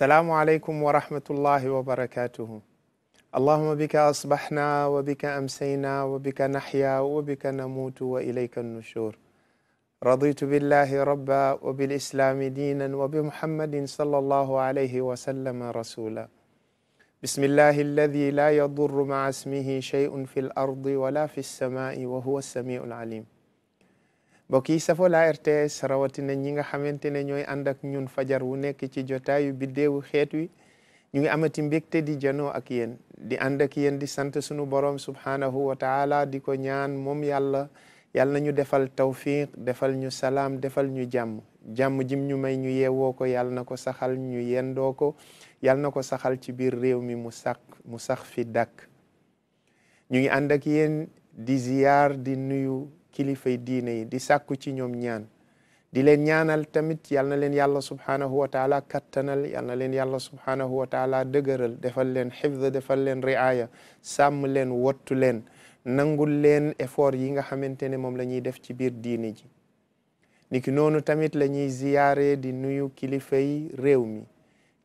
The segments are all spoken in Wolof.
السلام عليكم ورحمة الله وبركاته اللهم بك أصبحنا وبك أمسينا وبك نحيا وبك نموت وإليك النشور رضيت بالله ربا وبالإسلام دينا وبمحمد صلى الله عليه وسلم رسولا بسم الله الذي لا يضر مع اسمه شيء في الأرض ولا في السماء وهو السميع العليم mbokk yi safo la RTS rawatina ñi nga xamante ne ñooy ànd ak ñun fajar wu nekk ci jotaayu biddeewu xeet wi ñu ngi amati mbégte di janoo ak yéen di ànd ak yéen di sant sunu borom subhanahu wa di ko ñaan moom yàlla yàlla ñu defal tawfiq defal ñu salaam defal ñu jàmm jàmm jim ñu may ñu yeewoo ko yàlla na ko saxal ñu yendoo ko yàlla na ko saxal ci biir réew mi mu sax mu sax fi dàkk ñu ngi di ziyaar di nuyu kilifay diine yi di sàkku ci ñoom ñaan di leen ñaanal tamit yal na leen yàlla subhanahu wa taala kattanal yal leen yàlla subhanahu wa taala dëgëral defal leen xifda defal leen riaya sàmm leen wottu leen nangul leen effort yi nga xamante ne moom la def ci biir diine ji niki noonu tamit la ñuy ziyaare di nuyu kilifay réew mi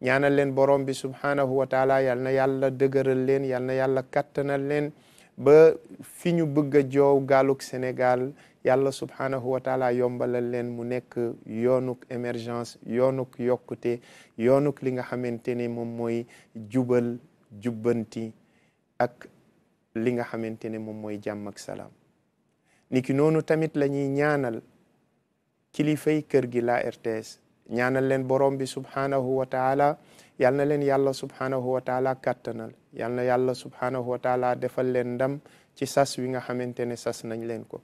ñaanal leen borom bi subhanahu wa taala yal na yàlla dëgëral leen yal na kattanal leen ba fi ñu bëgg a joow senegal Sénégal yàlla subhaanahu wa yombalal leen mu nekk yoonuk émergence yoonuk yokkute yoonuk li nga xamante ne moom mooy jubal jubbanti ak li nga xamante ne moom mooy jàmm salaam niki noonu tamit la ñuy ñaanal kilifay kër gi la RTS ñaanal leen borom bi subhanahu wa taala na leen yàlla subhanahu wa taala kàttanal yal na yàlla subhanahu wa taala defal leen ndam ci sas wi nga xamante ne sas nañ leen ko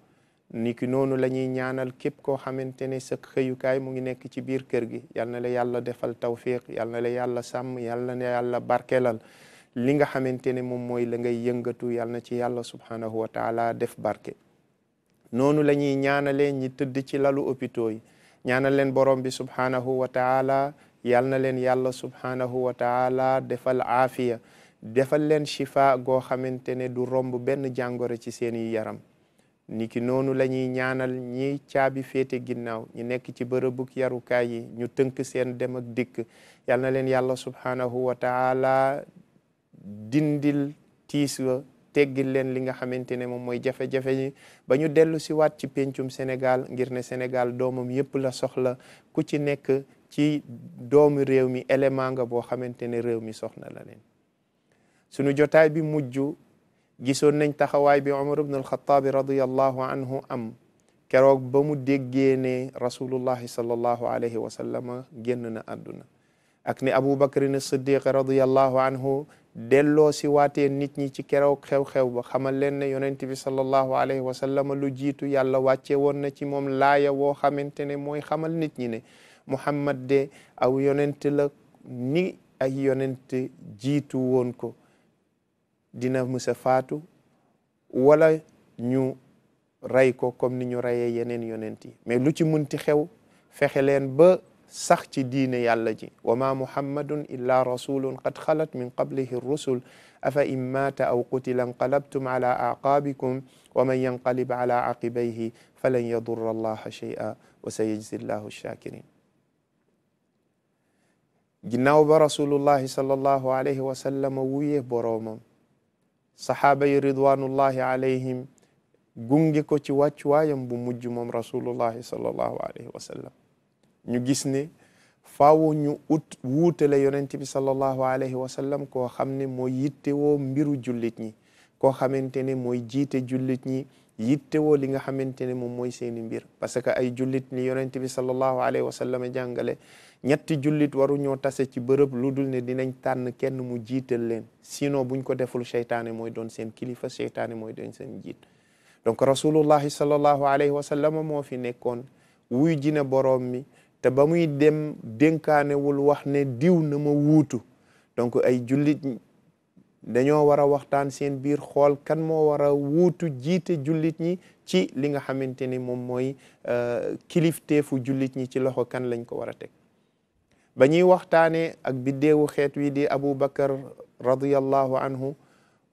niki noonu la ñuy ñaanal képp koo xamante ne sa xëyukaay mu ngi nekk ci biir kër gi yal na la yàlla defal tawfiq yal na la yàlla sàmm yal na la yàlla barkelal li nga xamante ne moom mooy la ngay yëngatu yal na ci yàlla subhanahu wa def barke noonu la ñuy ñaanalee ñi tëdd ci lalu hôpitaux yi ñaanal leen borom bi subhaanahu wa taala yal na leen yàlla subhaanahu wa defal aafiya defal leen shifa goo xamante ne du romb benn jàngoro ci seeni yaram niki noonu la ñaanal ñiy caabi féete ginnaaw ñu nekk ci bërëbuk yarukaay yi ñu tënk seen dem ak dikk yal na leen yàlla subhaanahu wa taala dindil tiis teggil leen li nga xamante ne moom mooy jafe-jafe yi ba ñu dellu si waat ci pencum senegal ngir ne Sénégal doomam yépp la soxla ku ci nekk ci doomu réew mi élément nga boo xamante ne réew mi soxna la leen sunu jotaay bi mujj gisoon nañ taxawaay bi Omar ibn al-Khattab radiyallahu am keroog ba mu déggee ne rasulullahi sallallahu alayhi wa sallam génn na àdduna ak ne Abu Bakrin as-Siddiq radiyallahu anhu delloo si waatee nit ñi ci keroog xew-xew ba xamal leen ne yonent bi sallallahu alayhi wa sallam lu jiitu yàlla wàcce woon na ci moom laaya woo xamante ne mooy xamal nit ñi ne Muhammad de aw yonent la ni ay yonent jiitu woon ko dina musa faatu wala ñu rey ko comme ni ñu reyee yeneen yonent yi lu ci munti xew fexe leen ba sax ci diine yàlla ji wa ma muhammadun illa rasulun qad xalat min qablihi rusul afa in maata aw qutila nqalabtum ala aqaabikum wa man yanqalib ala aqibayhi falan yadurra allaha shay'a wa sayajzi llahu shakirin ginnaaw ba rasulullahi sallallahu alayhi wa sallam wuyee boroomam saxaaba yi ridwanullahi alayhim gunge ko ci wàccuwaayam bu mujj moom rasulullahi sallallahu alayhi wa sallam ñu gis ne faaw ñu ut wuutale yonent bi sallallahu alayhi wa sallam koo xam ne mooy yittewoo mbiru jullit ñi koo xamante ne mooy jiite jullit ñi yittewoo li nga xamante ne moom mooy seeni mbir parce que ay jullit ni yonent bi sallallahu alayhi wa sallam jàngale ñetti jullit waru ñoo tase ci bërëb lu dul ne dinañ tànn kenn mu jiital leen sino buñ ko deful seytaane mooy doon seen kilifa seytaane mooy doon seen jiit donc rasulullahi sallallahu alayhi wa sallam moo fi nekkoon wuy jina boroom mi te ba muy dem dénkaanewul wax ne diw na ma wuutu donc ay julit dañoo war a waxtaan seen biir xool kan moo war a wuutu jiite julit ñi ci li nga xamante ni moom mooy euh, kilifteefu jullit ñi ci loxo kan lañ ko war a teg ba ñuy waxtaanee ak biddeewu xeet wii di abu Aboubacar radiyallahu anhu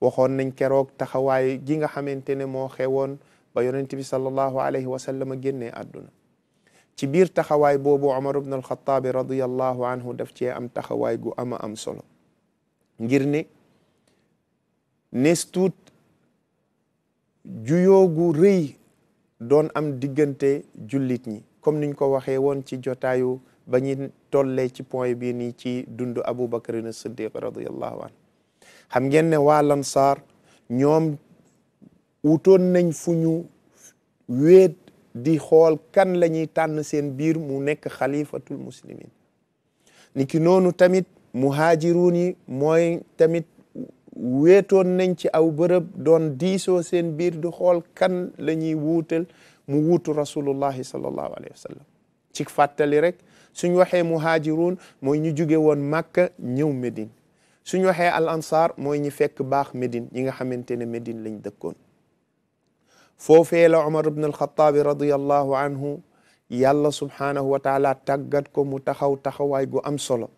waxoon nañ keroog taxawaay gi nga xamante ne moo xewoon ba yonent bi sallallahu alayhi wa sallam génnee àdduna ci biir taxawaay boobu Omar ibn alxataabi radiallahu anhu def cee am taxawaay gu ama am solo ngir ne nees tuut juyoo gu rëy doon am diggante jullit ñi comme niñ ko waxee woon ci jotaayu ba ñu tollee ci point bii nii ci dundu Aboubacarin Siddiq radiallahu anhu xam ngeen waa Lansaar ñoom wutoon nañ fu ñu wéet di xool kan la ñuy tànn seen biir mu nekk xalifatul muslimin ni ki noonu tamit mu muhaajiruun yi mooy tamit weetoon nañ ci aw bërëb doon diisoo seen biir di xool kan la ñuy wuutal mu wuutu rasulullahi sallallahu alayhi wa sallam ci fàttali rek suñ waxee mu muhaajiruun mooy ñu jóge woon Màkka ñëw Médine suñ waxee al mooy ñu fekk baax Médine ñi nga xamante ne Médine lañ dëkkoon foofee la Omar ibn alxataabi radiallahu anhu yàlla subhaanahu wa taala tàggat ko mu taxaw taxawaay gu am solo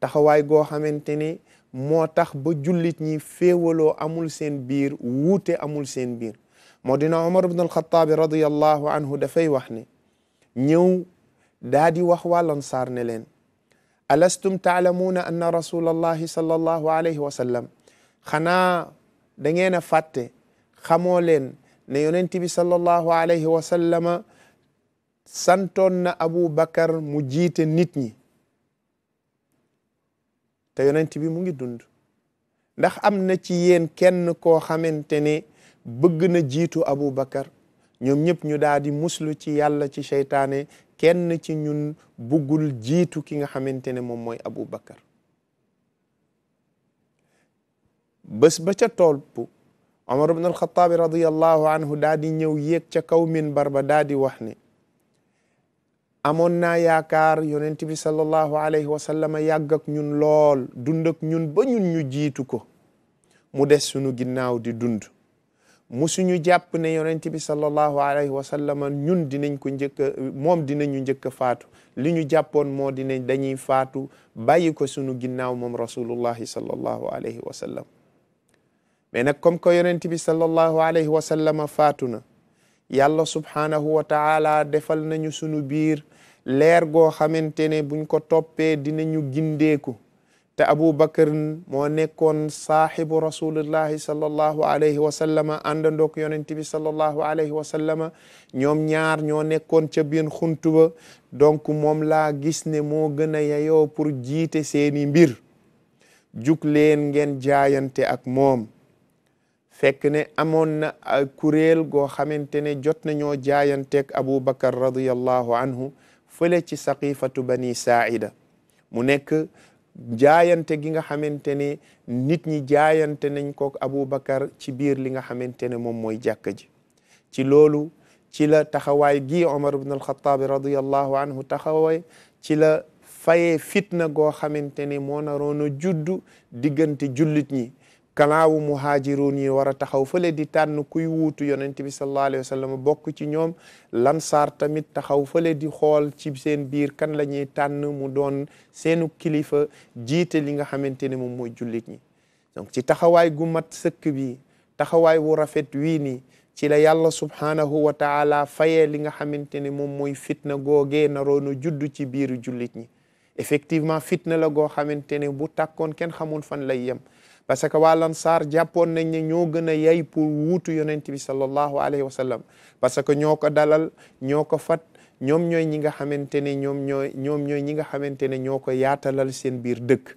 taxawaay goo xamante ni moo tax ba jullit ñi féewaloo amul seen biir wuute amul seen biir moo dina Omar ibn alxataabi radiallahu anhu dafay wax ne ñëw daa di wax waa lansaar ne leen alastum taalamuuna anna rasulallahi sallallahu alayhi wa sallam xanaa da ngeen a fàtte xamoo leen ne yonent bi sallallahu alayhi wa santoon na Abu Bakar mu jiite nit ñi te yonent bi mu ngi dund ndax am na ci yéen kenn koo xamante ne bëgg na jiitu Abu Bakar ñoom ñëpp ñu daal muslu ci yàlla ci seytaane kenn ci ñun buggul jiitu ki nga xamante ne moom mooy Abu Bakar bés ba ca tool bu omar ibn alxataabi radiallahu anhu daa di ñëw yéeg ca kaw minbar ba daa di wax ne amoon naa yaakaar yonent bi sallallahu alayhi wa sallam yàgg ak ñun lool dund ak ñun ba ñun ñu jiitu ko mu des sunu ginnaaw di dund mu suñu jàpp ne yonent bi sallallahu alayhi wa ñun dinañ ko njëkk moom dinañu njëkk faatu li ñu jàppoon moo dinañ dañuy faatu bàyyi ko sunu ginnaaw moom rasulullahi sallallahu alayhi wa mais nag comme que yonent bi sallallahu alayhi wa sallama faatu na yàlla subhaanahu wa defal nañu sunu biir leer goo xamante ne buñ ko toppee dinañu gindeeku te Aboubacar moo nekkoon saaxibu rasulullahi sallallahu alayhi wa sallama àndandoog yonent bi alayhi wa ñoom ñaar ñoo nekkoon ca biir xuntu ba donc moom laa gis ne moo gën a yeyoo pour jiite seeni mbir jug leen ngeen jaayante ak moom fekk ne amoon na kuréel goo xamante ne jot nañoo abu Aboubacar radiyallahu anhu fële ci saqifatu bani saida mu nekk jaayante gi nga xamante ne nit ñi jaayante nañ ko Aboubacar ci biir li nga xamante ne moom mooy jàkka ji ci loolu ci la taxawaay gi Omar ibn al-Khattab radiyallahu anhu taxawaay ci la fayee fitna goo xamante ne moo naroon a juddu diggante jullit ñi kanaawu muhaajiruun yi war a taxaw fële di tànn kuy wuutu yonent bi sallallahu alayhi wa sallam bokk ci ñoom lansaar tamit taxaw fële di xool ci seen biir kan la ñuy tànn mu doon seenu kilifa jiite li nga xamante ne moom mooy jullit ñi donc ci taxawaay gu mat sëkk bi taxawaay wu rafet wii nii ci la yàlla subhaanahu wa taala fayee li nga xamante ne moom mooy fitna googee naroon a juddu ci biiru jullit ñi effectivement fitna la goo xamante ne bu tàkkoon kenn xamul fan lay yem parce que waa Lansaar jàppoon nañ ne ñoo gën a yay pour wutu yonent bi sallallahu alayhi wa sallam parce que ñoo ko dalal ñoo ko fat ñoom ñooy ñi nga xamante ne ñoom ñooy ñoom ñooy ñi nga xamante ne ñoo ko yaatalal seen biir dëkk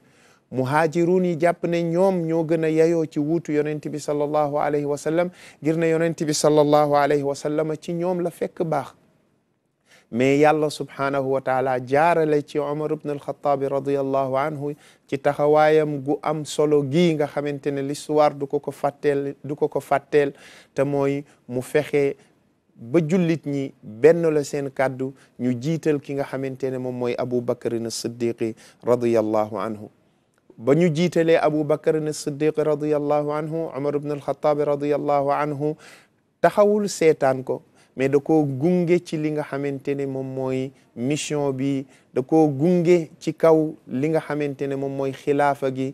muhaajiruun yi jàpp ne ñoom ñoo gën a yayoo ci wuutu yonent bi sallallahu alayhi wa sallam ngir ne yonent bi sallallahu alayhi wa sallam ci ñoom la fekk baax mais yàlla subhaanahu wa taala jaarale ci omar ibn alxataabi radiallahu anhu ci taxawaayam gu am solo gii nga xamante ne suwar du ko ko fàtteel du ko ko fàtteel te mooy mu fexe ba jullit ñi benn la seen kàddu ñu jiital ki nga xamante ne moom mooy abu bakarin siddiqi radiallahu anhu ba ñu jiitalee abu bakarin siddiqi radiallahu anhu omar ibn alxataabi radiallahu anhu taxawul seetaan ko mais da koo gunge ci li nga xamante ne moom mooy mission bi da koo gunge ci kaw li nga xamante ne moom mooy xilaafa gi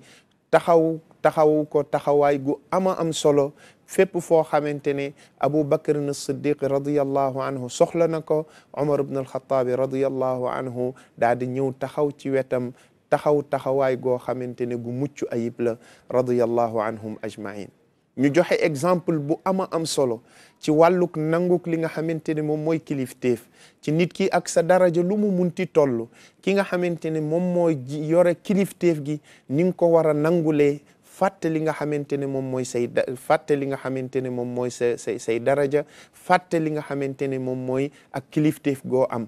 taxaw taxaw ko taxawaay gu ama am solo fépp foo xamante ne Abu Bakr na Siddiq radiallahu anhu soxla na ko Omar ibn alxataabi radiallahu anhu daal di ñëw taxaw ci wetam taxaw taxawaay goo xamante ne gu mucc ayib la radiallahu anhum ajmain ñu joxe exemple bu ama am solo ci wàlluk nanguk li nga xamante ne moom mooy kilifteef ci nit ki ak sa daraja lu mu munti toll ki nga xamante ne moom mooy yore kilifteef gi ni nga ko war a nangulee fàtte li nga xamante ne moom mooy say fàtte li nga xamante ne moom mooy sa say say daraja fàtte li nga xamante ne moom mooy ak kilifteef goo am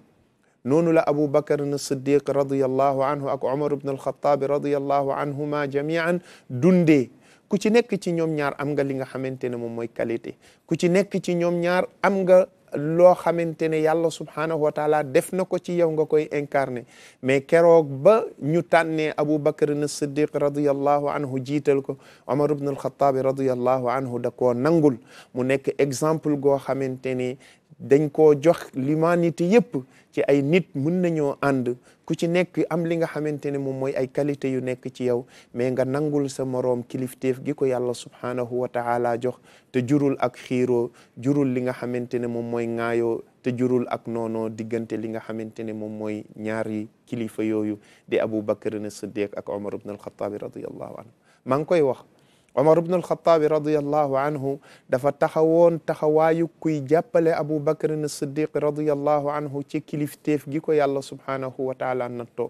noonu la Abu Bakar na Siddiq radiyallahu anhu ak Omar ibn al-Khattab radiyallahu anhuma jamian dundee ku ci nekk ci ñoom ñaar am nga li nga xamante ne moom mooy qualité ku ci nekk ci ñoom ñaar am nga loo xamante ne yàlla subhaanahu wa taala def na ko ci yow nga koy incarné mais keroog ba ñu tànnee Abu Bakr na Siddiq radiyallahu anhu jiital ko Omar ibn al-Khattabi radiyallahu anhu da koo nangul mu nekk exemple goo xamante ne dañ ko jox l'humanité yëpp ci ay nit mën nañoo ànd ku ci nekk am li nga xamante ne moom mooy ay qualité yu nekk ci yow mais nga nangul sa moroom kilifteef gi ko yàlla subhaanahu wa taala jox te jurul ak xiiro jurul li nga xamante ne moom mooy ŋaayoo te jurul ak noonoo diggante li nga xamante ne moom mooy ñaari kilifa yooyu di Abu Bakr as-Siddiq ak Omar ibn al-Khattab radiyallahu anhu maa ngi koy wax Omar ibn al-Khattabi radiyallahu anhu dafa taxawoon taxawaayu kuy jàppale Abu Bakr as-Siddiq radiyallahu anhu ci kilifteef gi ko yàlla subhanahu wa taala nattoo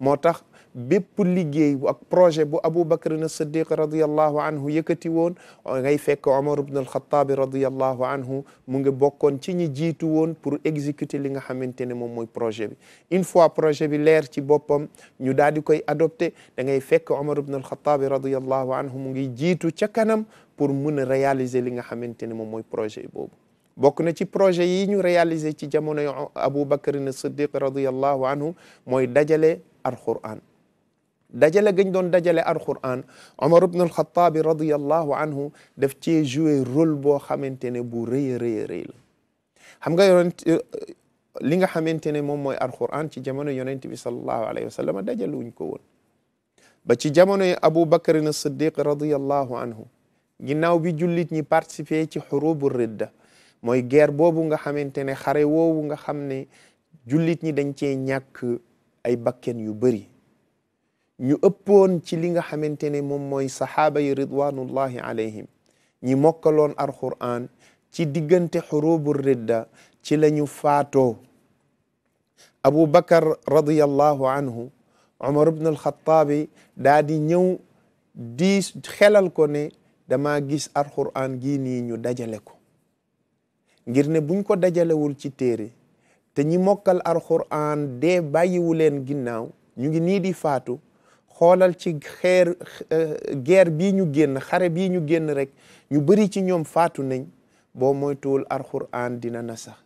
moo tax bépp liggéey bu ak projet bu abu Aboubacar na Siddiq radiallahu anhu yëkkati woon ngay fekk Omar ibn al-Khattabi radiallahu anhu mu ngi bokkoon ci ñi jiitu woon pour exécuter li nga xamante ne moom mooy projet bi une fois projet bi leer ci boppam ñu daal di koy adopté da ngay fekk Omar ibn al-Khattabi radiallahu anhu mu ngi jiitu ca kanam pour mun a réaliser li nga xamante ne moom mooy projet boobu bokk na ci projet yi ñu réaliser ci jamonoy Aboubacar na Siddiq radiallahu anhu mooy dajale alquran dajale gañ doon dajale alquran Omar ibn al-Khattab radiyallahu anhu daf cee joué rôle boo xamante ne bu rëy a rëy la xam nga yonent euh, li nga xamante ne moom mooy alquran ci jamono yonent bi sallallahu alayhi wa sallam dajale wuñ ko woon ba ci jamonoy Abu Bakr as-Siddiq radiyallahu anhu ginnaaw bi jullit ñi participer ci mooy guerre boobu nga xamante ne xare woowu nga xam ne jullit ñi dañ cee ñàkk ay bakken yu bëri ñu ëppoon ci li nga xamante ne moom mooy saxaaba yi ridwanullahi alayhim ñi mokkaloon alquran ci diggante xurubu ridda ci la ñu faatoo abu bakar radiallahu anhu umar ibn alxataabi daa di ñëw di xelal ko ne dama gis alquran gii nii ñu dajale ko ngir ne buñ ko dajalewul ci téere te ñi mokkal alxuraan dee bàyyiwu leen ginnaaw ñu ngi nii di faatu xoolal ci xeer bi bii ñu génn xare bii ñu génn rek ñu bëri ci ñoom faatu nañ boo moytuwul alxuraan dina na sax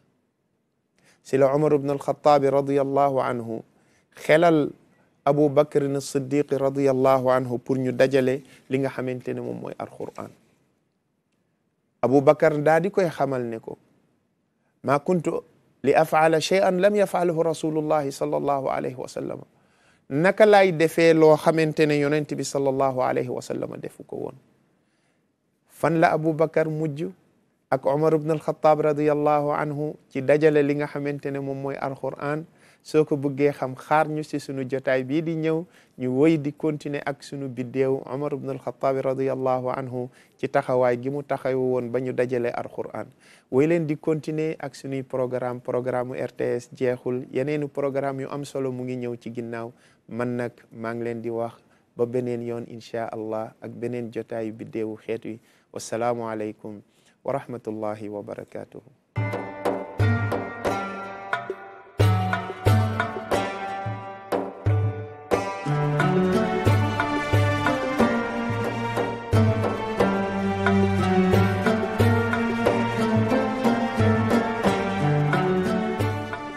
si la Umar ibn alxataabi radiallahu Abu Bakrin as-Siddiqi radiallahu anhu pour ñu dajale li nga xamante ne moom mooy alxuraan Abu Bakar daa di koy xamal ne ko li afaala cheyan lam yafaalahu rasulullahi sallallahu alayhi wa sallam naka laay defee loo xamante ne yonent bi sallallahu alayhi wa sallam defu ko woon fan la Aboubacar mujj ak Omar ibn al-Khattab radiyallahu anhu ci dajale li nga xamante ne moom mooy alquran soo ko bëggee xam xaar ñu si sunu jotaay bii di ñëw ñu woy di continuer ak sunu biddeew Omar ibn al-Khattabi radiyallahu anhu ci taxawaay gi mu taxawu woon ba ñu dajale alquran woy leen di continuer ak sunuy programme programme RTS jeexul yeneenu programme yu am solo mu ngi ñëw ci ginnaaw man nag maa ngi leen di wax ba beneen yoon inchaa allah ak beneen jotaayu biddeewu xeet wi wasalaamu aleykum wa rahmatullahi wa barakatuhu